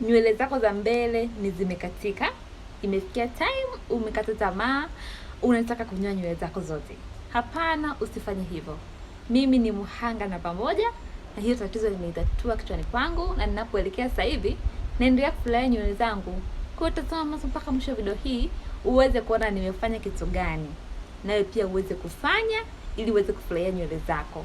nywele zako za mbele ni zimekatika, imefikia time umekata tamaa, unataka kunyoa nywele zako zote. Hapana, usifanye hivyo. Mimi ni Muhanga na Pamoja, na hiyo tatizo limeitatua kichwani kwangu, na ninapoelekea sasa hivi naendelea kufurahia nywele zangu. Kwa hiyo tazama mwanzo mpaka mwisho video hii uweze kuona nimefanya kitu gani, nawe pia uweze kufanya ili uweze kufurahia nywele zako.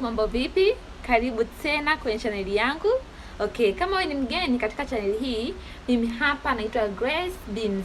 mambo vipi? Karibu tena kwenye chaneli yangu. Okay, kama wewe ni mgeni katika chaneli hii, mimi hapa naitwa Grace Beans.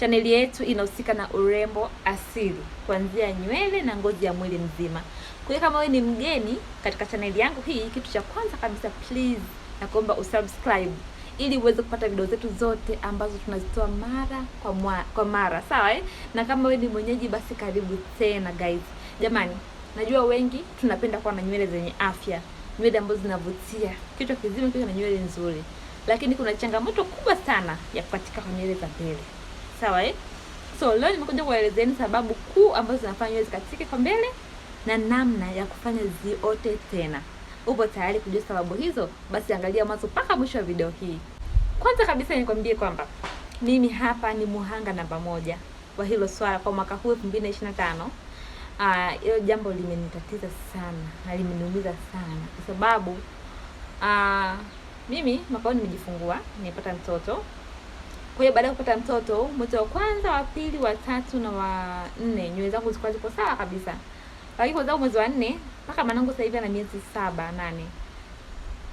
Chaneli yetu inahusika na urembo asili, kuanzia nywele na ngozi ya mwili mzima. Kwa hiyo kama wewe ni mgeni katika chaneli yangu hii, kitu cha kwanza kabisa, please nakuomba usubscribe ili uweze kupata video zetu zote ambazo tunazitoa mara kwa, mwa, kwa mara sawa eh? Na kama wewe ni mwenyeji basi karibu tena guys. Jamani, Najua wengi tunapenda kuwa na nywele zenye afya, nywele ambazo zinavutia, kichwa kizima kiwe na nywele nzuri, lakini kuna changamoto kubwa sana ya kwa nywele za mbele, sawa eh? So leo nimekuja kuwaelezeni sababu kuu ambazo zinafanya nywele zikatike kwa mbele na namna ya kufanya ziote tena. Upo tayari kujua sababu hizo? Basi angalia mwanzo mpaka mwisho wa video hii. Kwanza kabisa nikwambie kwamba mimi hapa ni muhanga namba moja wa hilo swala kwa mwaka huu 2025 Ah, hilo uh, jambo limenitatiza sana na limeniumiza sana kwa sababu uh, mimi mwaka huu nimejifungua, nimepata mtoto. Kwa hiyo baada ya kupata mtoto, mwezi wa kwanza, wa pili, wa tatu na wa nne, nywele zangu zilikuwa ziko sawa kabisa, lakini kwa sababu mwezi wa nne mpaka mwanangu sasa hivi ana miezi saba nane,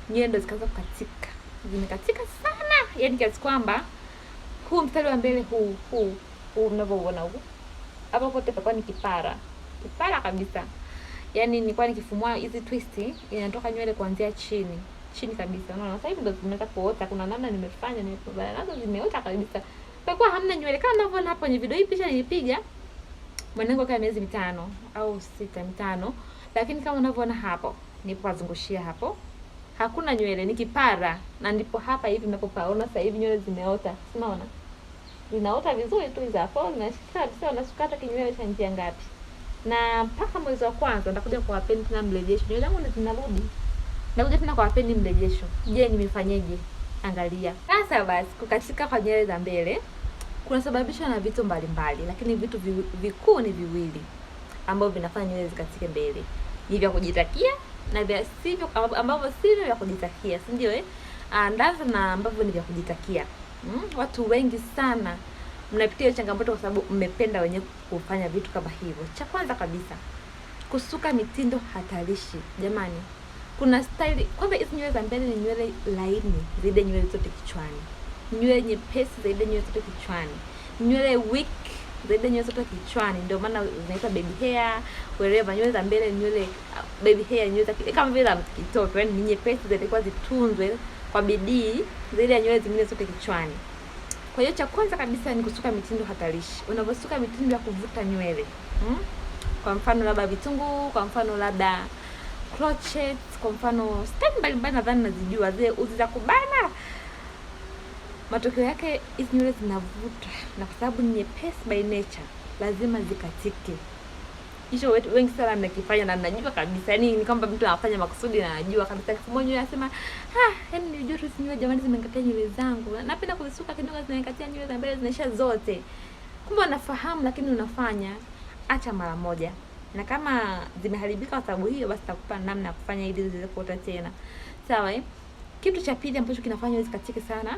nywele ndo zikaanza kukatika, zimekatika sana, yaani kiasi kwamba huu mstari wa mbele huu huu huu mnavyouona huu hapa pote pakuwa ni kipara kipara kabisa. Yaani nilikuwa nikifumua hizi twist inatoka nywele kuanzia chini chini kabisa. Unaona, sasa hivi ndo zimeanza kuota. Kuna namna nimefanya nimepambana nazo zimeota kabisa. Kwa kuwa hamna nywele kama unavyoona hapo kwenye video hii, picha nilipiga mwanangu kama miezi mitano au sita mitano, lakini kama unavyoona hapo nipo wazungushia hapo, hakuna nywele, ni kipara na ndipo hapa hivi ninapopaona sasa hivi nywele zimeota, unaona, zinaota vizuri tu, hizo hapo zinashika kabisa, unasukata kinywele cha njia ngapi na mpaka mwezi wa kwanza nitakuja kuwapeni tena mrejesho. Nywele zangu zinarudi, nakuja tena kuwapeni mrejesho. Je, nimefanyaje? Angalia sasa. Basi kukatika kwa nywele za mbele kunasababishwa na vitu mbalimbali lakini vitu vikuu ni viwili ambavyo vinafanya nywele zikatike mbele, ni vya kujitakia na vya sivyo, ambavyo sivyo vya kujitakia, si ndio? Eh, ah, ndazo na ambavyo ni vya kujitakia. Mm, watu wengi sana mnapitia hiyo changamoto kwa sababu mmependa wenyewe kufanya vitu kama hivyo. Cha kwanza kabisa, kusuka mitindo hatarishi jamani. Kuna style kwanza, hizi nywele za mbele ni nywele laini zaidi nywele zote kichwani, nywele nyepesi zaidi nywele zote kichwani, nywele weak zaidi nywele zote kichwani, ndio maana zinaitwa baby hair wherever. Nywele za mbele nywele uh, baby hair, nywele za kama vile za kitoto, yani ni nyepesi, zilikuwa zitunzwe kwa bidii zaidi ya nywele zingine zote kichwani. Kwa hiyo cha kwanza kabisa ni kusuka mitindo hatarishi. Unaposuka mitindo ya kuvuta nywele hmm? Kwa mfano labda vitungu kwa mfano labda crochet, kwa mfano style mbalimbali nadhani nazijua, zile uzi za kubana. Matokeo yake hizi nywele zinavuta, na kwa sababu ni nyepesi by nature, lazima zikatike hicho wengi sana mnakifanya na najua kabisa, yani ni kwamba mtu anafanya makusudi na najua kabisa. Kifumua nywele anasema ha, yani nilijua tu nywele jamani, zimekatia nywele zangu, napenda kuzisuka kidogo, zinakatia nywele za mbele zinaisha zote. Kumbe anafahamu lakini unafanya. Acha mara moja, na kama zimeharibika kwa sababu hiyo, basi takupa namna ya kufanya ili ziweze kuota tena, sawa eh? Kitu cha pili ambacho kinafanya hizi katike sana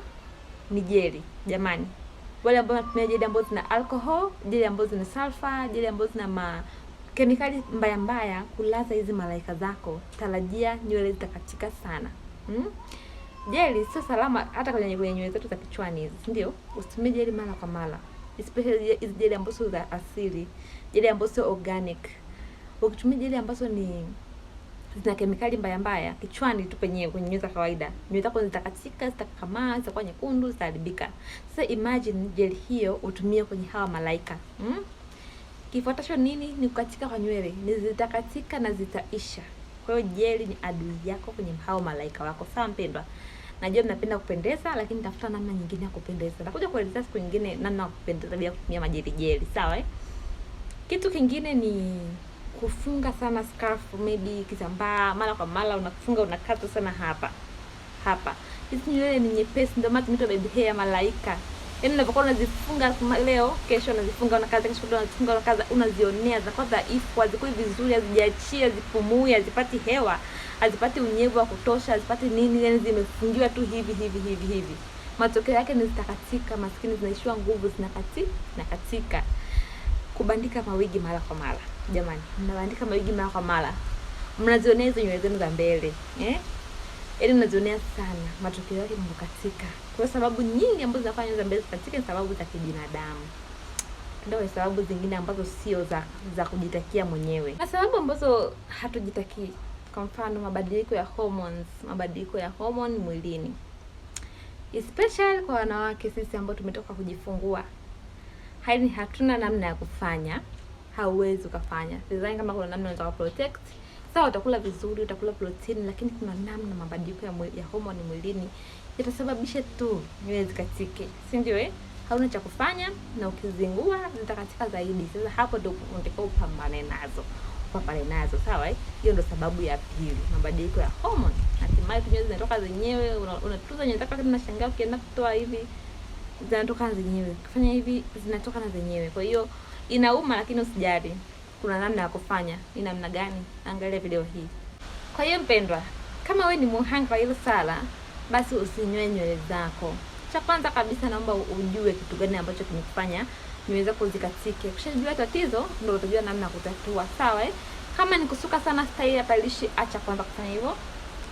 ni jeli. Jamani, wale ambao wanatumia jeli ambazo zina alcohol, jeli ambazo zina sulfa, jeli ambazo zina ma Kemikali mbaya mbaya kulaza hizi malaika zako, tarajia nywele zitakatika sana. Hmm? Jeli sio salama hata kwenye nywele zetu za kichwani hizi, ndio? Usitumie jeli mara kwa mara, especially hizi jeli ambazo za asili, jeli ambazo sio organic. Ukitumia jeli ambazo ni zina kemikali mbaya mbaya kichwani tu penye kwenye nywele za kawaida, nywele zako zitakatika, zitakamaa, zitakuwa nyekundu, zitaharibika. Sasa imagine jeli hiyo utumie kwenye hawa malaika. Hmm? Kifuatacho nini? Ni kukatika kwa nywele, ni zitakatika na zitaisha. Kwa hiyo jeli ni adui yako kwenye hao malaika wako. Sawa mpendwa, najua mnapenda kupendeza, lakini tafuta namna nyingine ya kupendeza. Nakuja kuelezea siku nyingine namna ya kupendeza bila kutumia majeli jeli, sawa eh? Kitu kingine ni kufunga sana scarf, maybe kitambaa, mara kwa mara unafunga, unakata sana hapa hapa. Hizi nywele ni nyepesi, ndio maana tunaitwa baby hair malaika yani unavyokuwa unazifunga leo, kesho unazifunga na kaza kesho unazifunga na kaza unazionea za zinakuwa dhaifu, hazikui vizuri, hazijaachia, hazipumui, hazipati hewa, hazipati unyevu wa kutosha, hazipati nini, yani zimefungiwa tu hivi hivi hivi hivi. Matokeo yake ni zitakatika, maskini zinaishiwa nguvu, zinakati na katika Kubandika mawigi mara kwa mara, jamani, mnabandika mawigi mara kwa mara, mnazionea hizo nywele zenu za mbele eh? yaani unazionea sana matokeo yake mambo katika. Kwa sababu nyingi ambazo zinafanya za mbele katika ni sababu za kibinadamu, ndio sababu zingine ambazo sio za za kujitakia mwenyewe, na sababu ambazo hatujitaki kwa mfano mabadiliko ya hormones, mabadiliko ya hormone mwilini, especially kwa wanawake sisi ambao tumetoka kujifungua. Haini hatuna namna ya kufanya, hauwezi ukafanya. Sidhani kama kuna namna unaweza protect sawa, utakula vizuri, utakula protini, lakini kuna namna mabadiliko ya, ya homoni mwilini itasababisha tu nywele zikatike, si ndio eh? Hauna cha kufanya na ukizingua zitakatika zaidi. Sasa hapo ndio unatakiwa upambane nazo, upambane nazo sawa eh? Hiyo ndio sababu ya pili, mabadiliko ya homoni. Hatimaye nywele zinatoka zenyewe, unatuza nywele zako, kama nashangaa ukienda kutoa hivi zinatoka zenyewe, kufanya hivi zinatoka na zenyewe. Kwa hiyo inauma, lakini usijali kuna namna ya kufanya. Ni namna gani? Angalia video hii. Kwa hiyo mpendwa, kama we ni muhanga wa hilo sala, basi usinywe nywele zako. Cha kwanza kabisa, naomba ujue kitu gani ambacho kimekufanya nywele zako zikatike. Ukishajua tatizo, ndio utajua namna ya kutatua. Sawa? Eh? Kama ni kusuka sana staili ya palishi, acha kwanza kufanya hivyo.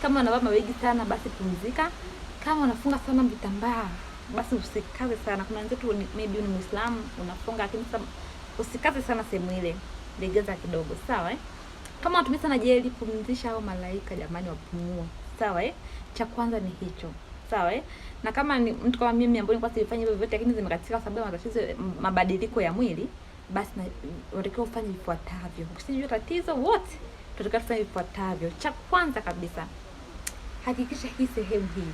Kama unavaa mawigi sana, basi pumzika. Kama unafunga sana vitambaa, basi usikaze sana. Kuna wenzetu maybe ni Muislamu unafunga, lakini usikaze sana sehemu ile legeza kidogo, sawa eh? Kama unatumia sana jeli, pumzisha hao malaika jamani, wapumua, sawa eh? Cha kwanza ni hicho, sawa eh? Na kama ni mtu kama mimi ambaye nilikuwa sifanyi hivyo vyote, lakini zimekatika kwa sababu ya matatizo mabadiliko ya mwili, basi unatakiwa ufanye vifuatavyo. Ukisijua tatizo wote, tunatakiwa tufanye vifuatavyo. Cha kwanza kabisa, hakikisha hii sehemu hii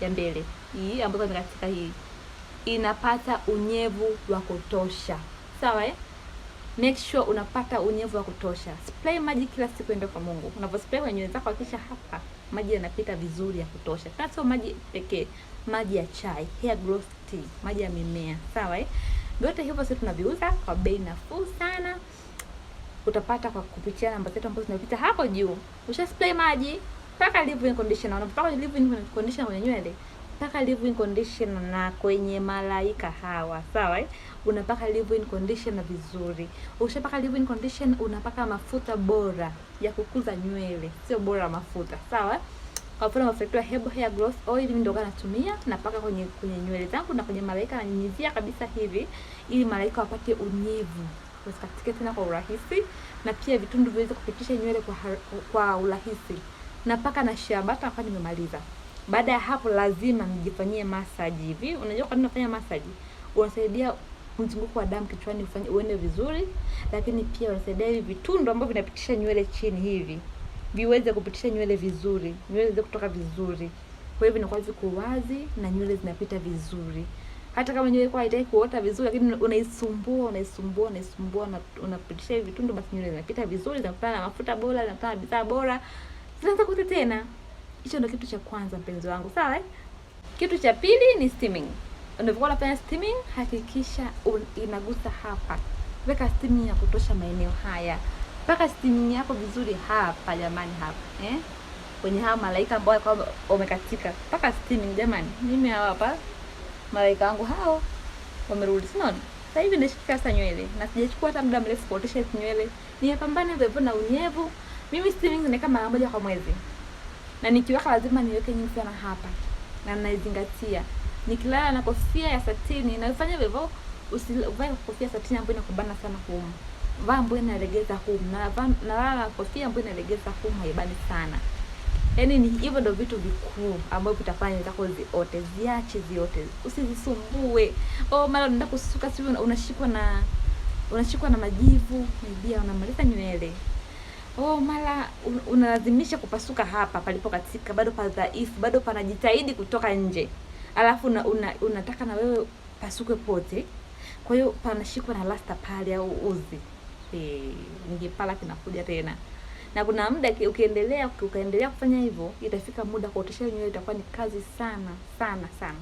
ya mbele hii ambayo imekatika hii inapata unyevu wa kutosha, sawa eh? make sure unapata unyevu wa kutosha. Spray maji kila siku, ende kwa Mungu. Unavyospray kwenye nywele zako, hakikisha hapa maji yanapita vizuri ya kutosha. Tena sio maji pekee, maji ya chai, hair growth tea, maji ya mimea, sawa eh? Vyote hivyo sisi tunaviuza kwa bei nafuu sana. Utapata kwa kupitia namba zetu ambazo zinapita hapo juu. Usha spray maji, paka leave in conditioner. Unapopaka leave in conditioner kwenye nywele paka leave-in conditioner na kwenye malaika hawa, sawa eh? Unapaka leave-in conditioner vizuri. ukishapaka leave-in conditioner, unapaka mafuta bora ya kukuza nywele, sio bora mafuta, sawa? Eh? Kwa mfano mafuta ya Hebo Hair Growth Oil mimi ndio natumia, napaka kwenye kwenye nywele zangu na kwenye malaika, na nyinyizia kabisa hivi ili malaika wapate unyevu usikatike tena kwa urahisi, na pia vitundu viweze kupitisha nywele kwa, kwa urahisi. Napaka na shea butter hapa, nimemaliza. Baada ya hapo, lazima mjifanyie massage hivi. Unajua kwa nini nafanya massage? Unasaidia mzunguko wa damu kichwani ufanye uende vizuri, lakini pia unasaidia hivi vitundu ambavyo vinapitisha nywele chini hivi viweze kupitisha nywele vizuri, nywele ziweze kutoka vizuri. Kwa hivyo inakuwa ziko wazi na nywele zinapita vizuri. Hata kama nywele kwa haitaki kuota vizuri, lakini unaisumbua unaisumbua unaisumbua, na unapitisha hivi vitundu, basi nywele zinapita vizuri, zinakutana na mafuta bora, zinakutana na bidhaa bora, zinaanza kuota tena. Hicho ndio kitu cha kwanza mpenzi wangu, sawa eh? Kitu cha pili ni steaming. Unapokuwa unafanya steaming, hakikisha inagusa hapa. Weka steaming ya kutosha maeneo haya. Paka steaming yako vizuri hapa jamani, hapa eh? Kwenye hawa malaika ambao kwa wamekatika. Paka steaming jamani. Mimi hawa hapa malaika wangu hao wamerudi, si unaona? Sasa hivi nashika sasa nywele na sijachukua hata muda mrefu kuotesha nywele. Nimepambana hivyo na unyevu. Mimi steaming ni kama mara moja kwa mwezi na nikiweka lazima niweke nyingi sana hapa, na naizingatia. Nikilala na kofia ya satini naifanya hivyo. Usivae kofia satini ambayo inakubana sana humu, vaa ambayo inalegeza humu, na vaa na kofia ambayo inalegeza humu, haibani sana. Yaani ni hivyo ndio vitu vikuu ambavyo vitafanya zako ziote, ziache ziote, usizisumbue. Oh, mara unaenda kusuka, si unashikwa na unashikwa na majivu, naibia unamaliza nywele oh, mara unalazimisha kupasuka hapa palipo katika, bado padhaifu, bado panajitahidi kutoka nje, alafu una, una, unataka na wewe pasuke pote, kwa hiyo panashikwa na lasta pale au uzi e, ngepala kinakuja tena na kuna muda ukiendelea ukaendelea kufanya hivyo, itafika muda kuotesha nywele itakuwa ni kazi sana sana sana.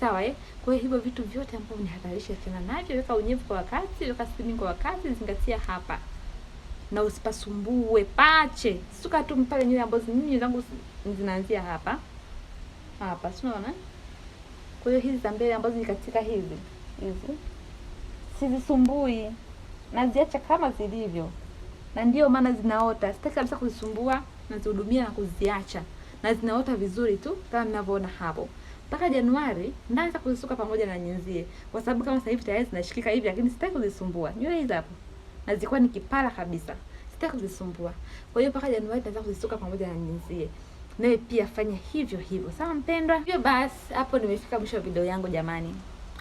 Sawa eh? Kwa hiyo hivyo vitu vyote ambavyo ni hatarishi, achana navyo, weka unyevu kwa wakati, weka spinning kwa wakati, zingatia hapa na usipasumbue pache. Suka tu mpale nywele ambazo mimi nywele zangu zinaanzia hapa hapa, si unaona? Kwa hiyo hizi za mbele ambazo ni katika hizi hizi sizisumbui, naziacha kama zilivyo, na ndio maana zinaota. Sitaki kabisa kuzisumbua, nazihudumia na kuziacha, na zinaota vizuri tu kama mnavyoona hapo. Mpaka Januari naanza kuzisuka pamoja na nyenzie, kwa sababu kama sasa hivi tayari zinashikika hivi, lakini sitaki kuzisumbua nywele hizi hapo na zilikuwa ni kipara kabisa, sitaki kuzisumbua. Kwa hiyo mpaka Januari nitaanza kuzisuka pamoja na ninzie, nawe pia fanya hivyo hivyo, sawa mpendwa? Hivyo basi, hapo nimefika mwisho wa video yangu jamani.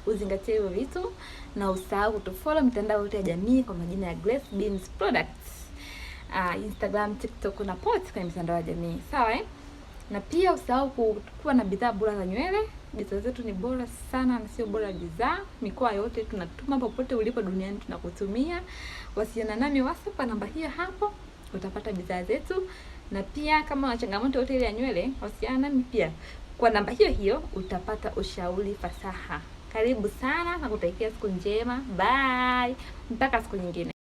Uzingatie hivyo vitu na usahau kutufollow mitandao yote ya jamii kwa majina ya Grace Beans Products. Uh, Instagram, TikTok na post kwenye mitandao ya jamii sawa eh? Na pia usahau kuwa na bidhaa bora za nywele Bidhaa zetu ni bora sana na sio bora bidhaa. Mikoa yote tunatuma, popote ulipo duniani tunakutumia. Wasiliana nami WhatsApp kwa namba hiyo hapo, utapata bidhaa zetu, na pia kama una changamoto yote ile ya nywele, wasiliana nami pia kwa namba hiyo hiyo, utapata ushauri fasaha. Karibu sana na kutakia siku njema. Bye, mpaka siku nyingine.